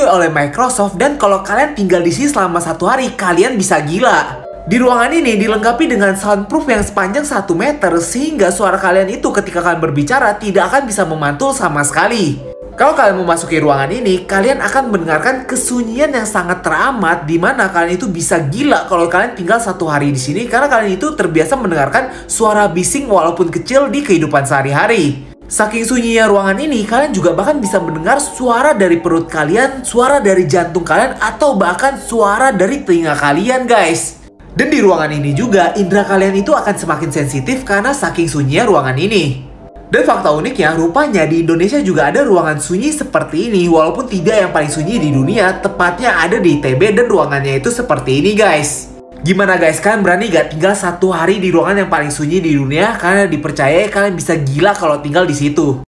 oleh Microsoft dan kalau kalian tinggal di sini selama satu hari, kalian bisa gila. Di ruangan ini dilengkapi dengan soundproof yang sepanjang 1 meter sehingga suara kalian itu ketika kalian berbicara tidak akan bisa memantul sama sekali. Kalau kalian memasuki ruangan ini, kalian akan mendengarkan kesunyian yang sangat teramat di mana kalian itu bisa gila kalau kalian tinggal satu hari di sini karena kalian itu terbiasa mendengarkan suara bising walaupun kecil di kehidupan sehari-hari. Saking sunyinya ruangan ini, kalian juga bahkan bisa mendengar suara dari perut kalian, suara dari jantung kalian, atau bahkan suara dari telinga kalian guys. Dan di ruangan ini juga, indera kalian itu akan semakin sensitif karena saking sunyinya ruangan ini. Dan fakta uniknya, rupanya di Indonesia juga ada ruangan sunyi seperti ini, walaupun tidak yang paling sunyi di dunia, tepatnya ada di ITB dan ruangannya itu seperti ini guys. Gimana guys, kalian berani gak tinggal satu hari di ruangan yang paling sunyi di dunia? Karena dipercaya kalian bisa gila kalau tinggal di situ.